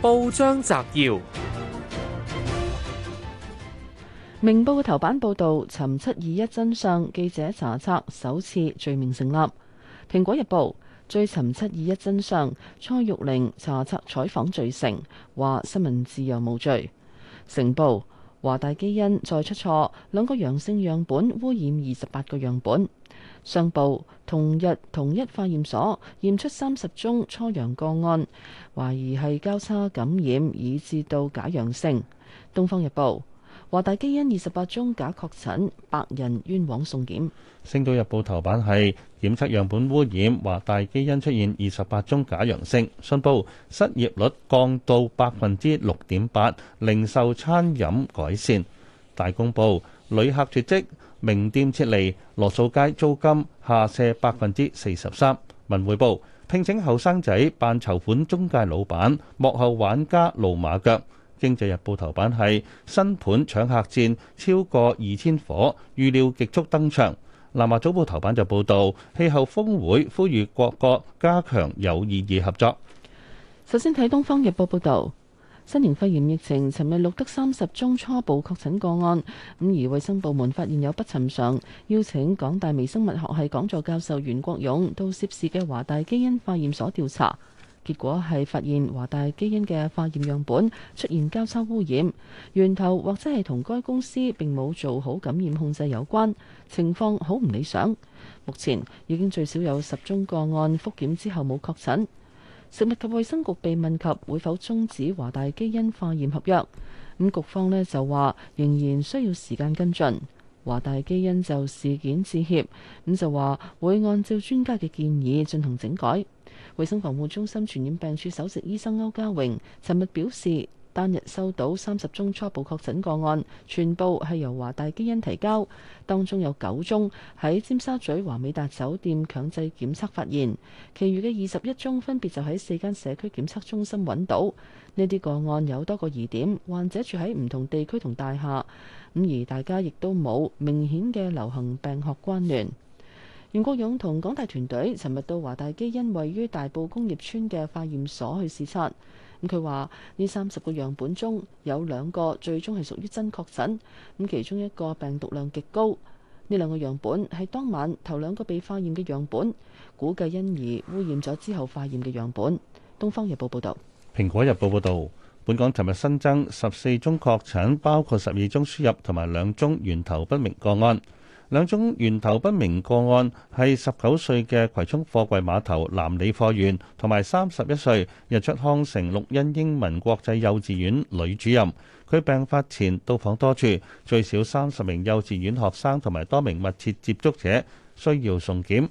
報章摘要：明報嘅頭版報道尋七二一真相，記者查冊首次罪名成立。蘋果日報追尋七二一真相，蔡玉玲查冊採訪罪成，話新聞自由無罪。成報華大基因再出錯，兩個陽性樣本污染二十八個樣本。商報同日同一化驗所驗出三十宗初陽個案，懷疑係交叉感染，以致到假陽性。東方日報華大基因二十八宗假確診，百人冤枉送檢。星島日報頭版係檢測樣本污染，華大基因出現二十八宗假陽性。信報失業率降到百分之六點八，零售餐飲改善。大公報旅客絕跡，名店撤離，羅素街租金下瀉百分之四十三。文匯報：聘請後生仔扮籌款中介老闆，幕後玩家露馬腳。經濟日報頭版係新盤搶客戰，超過二千伙，預料極速登場。南華早報頭版就報道，氣候峰會呼籲各國加強有意義合作。首先睇東方日報報道。新型肺炎疫情尋日錄得三十宗初步確診個案，咁而衛生部門發現有不尋常，邀請港大微生物學系講座教授袁國勇到涉事嘅華大基因化驗所調查，結果係發現華大基因嘅化驗樣本出現交叉污染，源頭或者係同該公司並冇做好感染控制有關，情況好唔理想。目前已經最少有十宗個案覆檢之後冇確診。食物及衛生局被問及會否中止華大基因化驗合約，咁局方呢就話仍然需要時間跟進。華大基因就事件致歉，咁就話會按照專家嘅建議進行整改。衛生防護中心傳染病處首席醫生歐家榮尋日表示，單日收到三十宗初步確診個案，全部係由華大基因提交，當中有九宗喺尖沙咀華美達酒店強制檢測發現，其餘嘅二十一宗分別就喺四間社區檢測中心揾到。呢啲個案有多個疑點，患者住喺唔同地區同大廈，咁而大家亦都冇明顯嘅流行病學關聯。袁國勇同港大團隊尋日到華大基因位於大埔工業村嘅化驗所去視察。咁佢話呢三十個樣本中有兩個最終係屬於真確診，咁其中一個病毒量極高。呢兩個樣本係當晚頭兩個被化驗嘅樣本，估計因而污染咗之後化驗嘅樣本。《東方日報》報道。《蘋果日報》報道，本港尋日新增十四宗確診，包括十二宗輸入同埋兩宗源頭不明個案。兩宗源頭不明個案係十九歲嘅葵涌貨櫃碼頭南里貨員同埋三十一歲日出康城綠茵英文國際幼稚園女主任，佢病發前到訪多處，最少三十名幼稚園學生同埋多名密切接觸者需要送檢。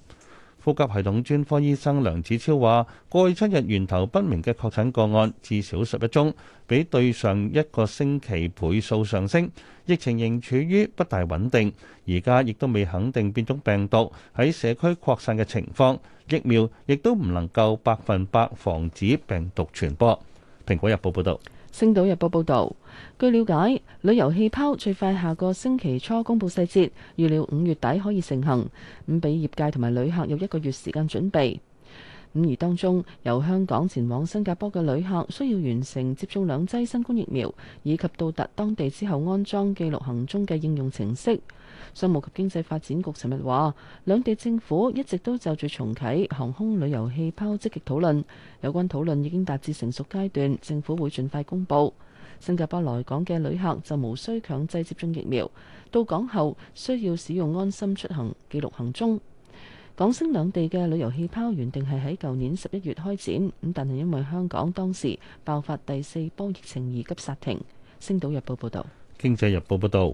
呼吸系統專科醫生梁子超話：過去七日源頭不明嘅確診個案至少十一宗，比對上一個星期倍數上升。疫情仍處於不大穩定，而家亦都未肯定變種病毒喺社區擴散嘅情況。疫苗亦都唔能夠百分百防止病毒傳播。《蘋果日報》報導。星島日報報道，據了解，旅遊氣泡最快下個星期初公布細節，預料五月底可以成行，咁俾業界同埋旅客有一個月時間準備。五而當中，由香港前往新加坡嘅旅客需要完成接種兩劑新冠疫苗，以及到達當地之後安裝記錄行蹤嘅應用程式。商務及經濟發展局尋日話，兩地政府一直都就住重啟航空旅遊氣泡積極討論，有關討論已經達至成熟階段，政府會盡快公布。新加坡來港嘅旅客就無需強制接種疫苗，到港後需要使用安心出行記錄行蹤。港星兩地嘅旅遊氣泡原定係喺舊年十一月開展，咁但係因為香港當時爆發第四波疫情而急煞停。星島日報報道。經濟日報報道。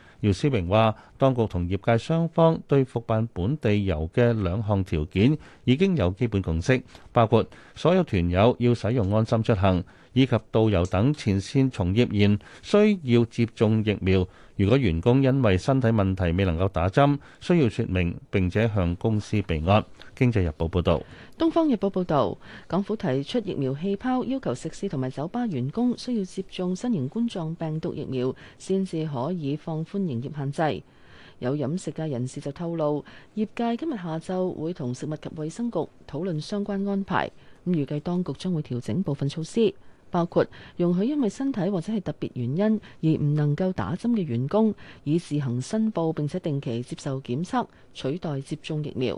姚思榮話：當局同業界雙方對復辦本地遊嘅兩項條件已經有基本共識，包括所有團友要使用安心出行。以及導遊等前線從業員需要接種疫苗。如果員工因為身體問題未能夠打針，需要説明並且向公司備案。經濟日報報導，東方日報報導，港府提出疫苗氣泡，要求食肆同埋酒吧員工需要接種新型冠狀病毒疫苗，先至可以放寬營業限制。有飲食界人士就透露，業界今日下晝會同食物及衛生局討論相關安排。咁預計當局將會調整部分措施。包括容許因為身體或者係特別原因而唔能夠打針嘅員工，以自行申報並且定期接受檢測取代接種疫苗，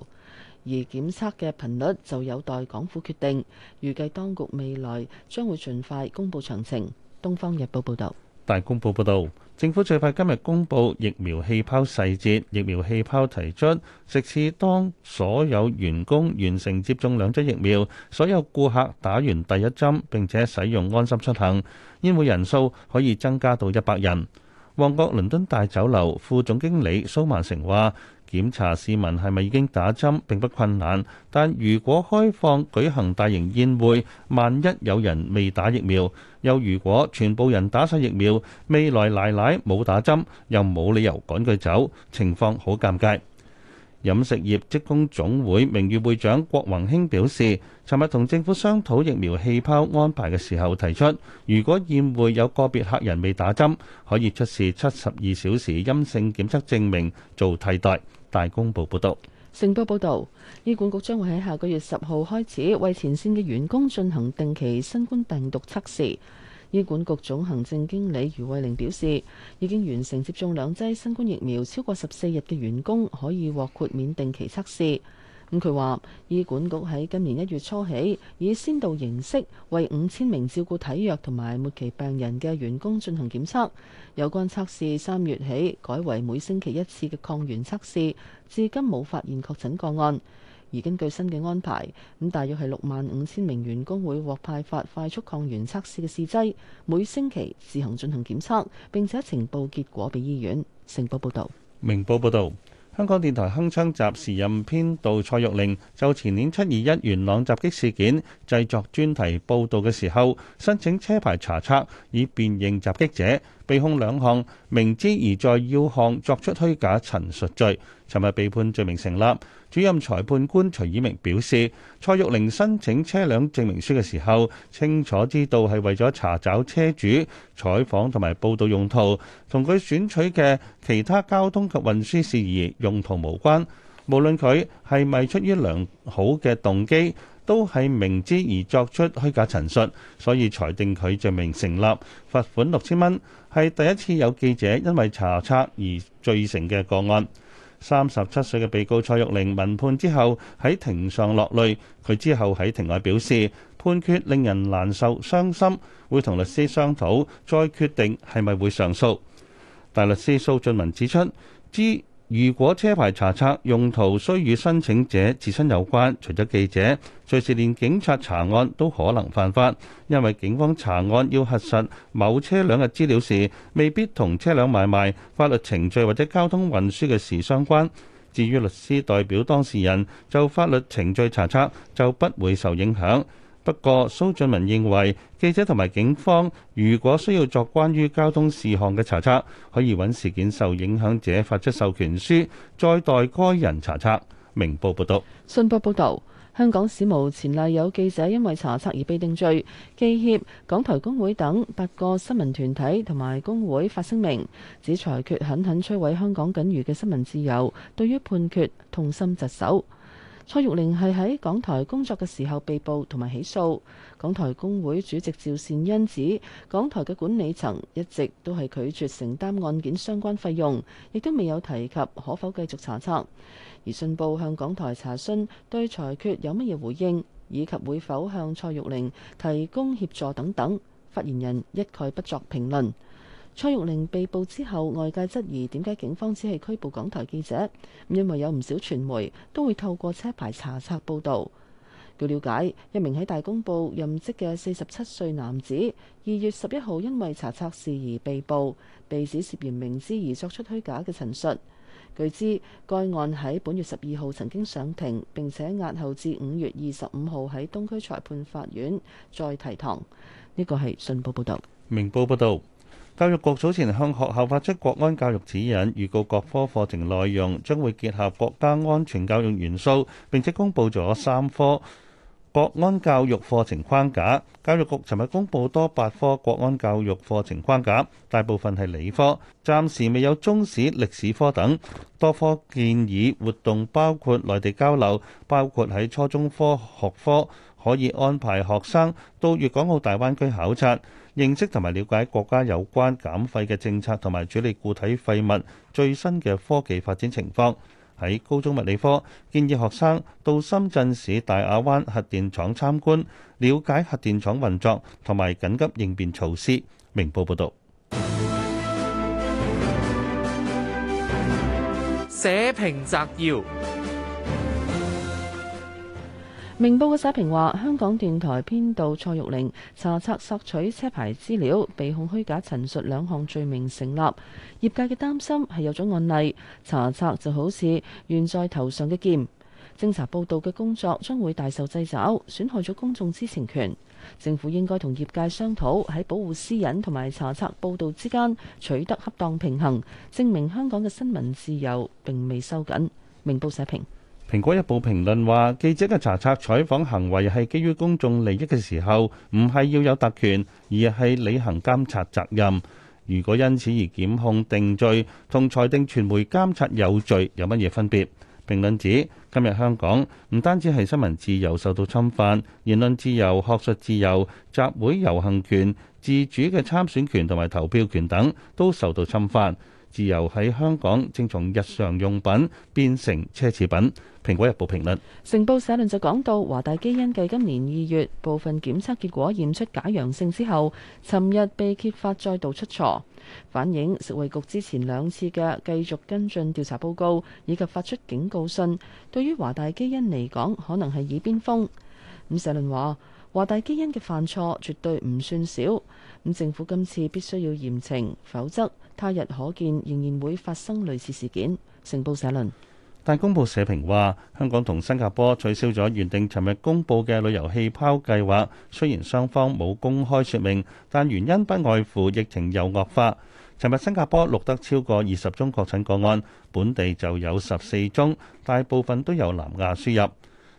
而檢測嘅頻率就有待港府決定。預計當局未來將會盡快公布詳情。《東方日報》報道，《大公報》報道。政府最快今日公布疫苗氣泡細節，疫苗氣泡提出，直至當所有員工完成接種兩劑疫苗，所有顧客打完第一針並且使用安心出行，宴會人數可以增加到一百人。旺角倫敦大酒樓副總經理蘇萬成話。檢查市民係咪已經打針並不困難，但如果開放舉行大型宴會，萬一有人未打疫苗，又如果全部人打晒疫苗，未來奶奶冇打針又冇理由趕佢走，情況好尷尬。飲食業職工總會名譽會長郭宏興表示，尋日同政府商討疫苗氣泡安排嘅時候，提出如果宴會有個別客人未打針，可以出示七十二小時陰性檢測證明做替代。大公報報道，成報報道，醫管局將會喺下個月十號開始為前線嘅員工進行定期新冠病毒測試。醫管局總行政經理余慧玲表示，已經完成接種兩劑新冠疫苗超過十四日嘅員工可以獲豁免定期測試。咁佢話，醫管局喺今年一月初起，以先導形式為五千名照顧體弱同埋末期病人嘅員工進行檢測。有關測試三月起改為每星期一次嘅抗原測試，至今冇發現確診個案。而根據新嘅安排，咁、嗯、大約係六萬五千名員工會獲派發快速抗原測試嘅試劑，每星期自行進行檢測，並且呈報結果俾醫院。成報報道，明報報道。香港電台《鏗鏘集》時任編導蔡玉玲就前年七二一元朗襲擊事件製作專題報道嘅時候，申請車牌查冊以辨認襲擊者，被控兩項明知而在要項作出虛假陳述罪，尋日被判罪名成立。主任裁判官徐以明表示，蔡玉玲申請車輛證明書嘅時候，清楚知道係為咗查找車主、採訪同埋報道用途，同佢選取嘅其他交通及運輸事宜用途無關，無論佢係咪出於良好嘅動機都係明知而作出虛假陳述，所以裁定佢罪名成立 6,，罰款六千蚊。係第一次有記者因為查冊而罪成嘅個案。三十七歲嘅被告蔡玉玲，聞判之後喺庭上落淚。佢之後喺庭外表示，判決令人難受、傷心，會同律師商討，再決定係咪會上訴。大律師蘇俊文指出，知。如果車牌查冊用途需與申請者自身有關，除咗記者，隨時連警察查案都可能犯法，因為警方查案要核實某車輛嘅資料時，未必同車輛買賣法律程序或者交通運輸嘅事相關。至於律師代表當事人就法律程序查冊，就不會受影響。不過，蘇俊文認為記者同埋警方如果需要作關於交通事項嘅查冊，可以揾事件受影響者發出授權書，再代該人查冊。明報報道，信報報道，香港史無前例有記者因為查冊而被定罪。記協、港台工會等八個新聞團體同埋工會發聲明，指裁決狠狠摧毀香港僅餘嘅新聞自由，對於判決痛心疾首。蔡玉玲係喺港台工作嘅時候被捕同埋起訴，港台工會主席趙善恩指港台嘅管理層一直都係拒絕承擔案件相關費用，亦都未有提及可否繼續查冊。而信報向港台查詢對裁決有乜嘢回應，以及會否向蔡玉玲提供協助等等，發言人一概不作評論。蔡玉玲被捕之後，外界質疑點解警方只係拘捕港台記者，因為有唔少傳媒都會透過車牌查冊報導。據了解，一名喺大公報任職嘅四十七歲男子，二月十一號因為查冊事宜被捕，被指涉嫌明知而作出虛假嘅陳述。據知該案喺本月十二號曾經上庭，並且押後至五月二十五號喺東區裁判法院再提堂。呢個係信報報導，明報報導。教育局早前向學校發出國安教育指引，預告各科課程內容將會結合國家安全教育元素，並且公布咗三科國安教育課程框架。教育局尋日公布多八科國安教育課程框架，大部分係理科，暫時未有中史、歷史科等。多科建議活動包括內地交流，包括喺初中科學科。可以安排學生到粵港澳大灣區考察，認識同埋了解國家有關減廢嘅政策，同埋處理固體廢物最新嘅科技發展情況。喺高中物理科，建議學生到深圳市大亞灣核電廠參觀，了解核電廠運作同埋緊急應變措施。明報報導。社評摘要。明報嘅社評話：香港電台編導蔡玉玲查冊索取車牌資料，被控虛假陳述兩項罪名成立。業界嘅擔心係有咗案例查冊就好似懸在頭上嘅劍，偵查報道嘅工作將會大受掣肘，損害咗公眾知情權。政府應該同業界商討喺保護私隱同埋查冊報道之間取得恰當平衡，證明香港嘅新聞自由並未收緊。明報社評。《蘋果》一部評論話：記者嘅查冊、採訪行為係基於公眾利益嘅時候，唔係要有特權，而係履行監察責任。如果因此而檢控定罪，同裁定傳媒監察有罪，有乜嘢分別？評論指，今日香港唔單止係新聞自由受到侵犯，言論自由、學術自由、集會遊行權、自主嘅參選權同埋投票權等都受到侵犯。自由喺香港正從日常用品變成奢侈品。《蘋果日報》評論，成報社論就講到華大基因繼今年二月部分檢測結果驗出假陽性之後，尋日被揭發再度出錯，反映食衛局之前兩次嘅繼續跟進調查報告以及發出警告信，對於華大基因嚟講可能係耳邊風。咁社論話。華大基因嘅犯錯絕對唔算少，咁政府今次必須要嚴懲，否則他日可見仍然會發生類似事件。成報社論。大公報社評話，香港同新加坡取消咗原定尋日公布嘅旅遊氣泡計劃，雖然雙方冇公開説明，但原因不外乎疫情又惡化。尋日新加坡錄得超過二十宗確診個案，本地就有十四宗，大部分都有南亞輸入。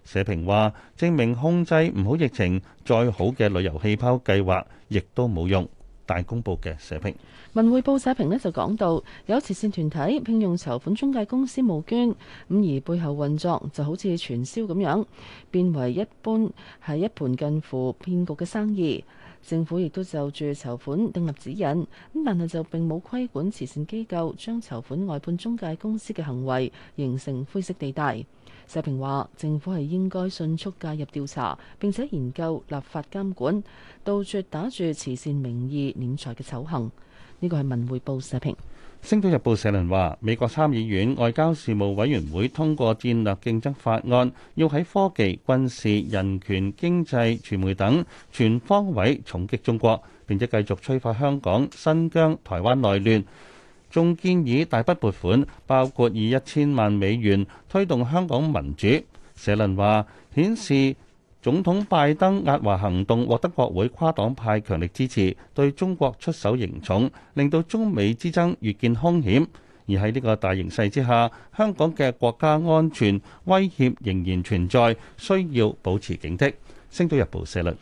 社評話，證明控制唔好疫情，再好嘅旅遊氣泡計劃，亦都冇用。大公報嘅社評，文匯報社評呢就講到，有慈善團體聘用籌款中介公司募捐，咁而背後運作就好似傳銷咁樣，變為一般係一盤近乎騙局嘅生意。政府亦都就住籌款訂立指引，咁但係就並冇規管慈善機構將籌款外判中介公司嘅行為，形成灰色地帶。社評話：政府係應該迅速介入調查，並且研究立法監管，杜絕打住慈善名義斂財嘅醜行。呢個係文匯報社評。《星島日報》社論話：美國參議院外交事務委員會通過戰略競爭法案，要喺科技、軍事、人權、經濟、傳媒等全方位重擊中國，並且繼續催化香港、新疆、台灣內亂。仲建議大筆撥款，包括以一千萬美元推動香港民主。社論話顯示，總統拜登壓華行動獲得國會跨黨派強力支持，對中國出手嚴重，令到中美之爭愈見兇險。而喺呢個大形勢之下，香港嘅國家安全威脅仍然存在，需要保持警惕。星島日報社論。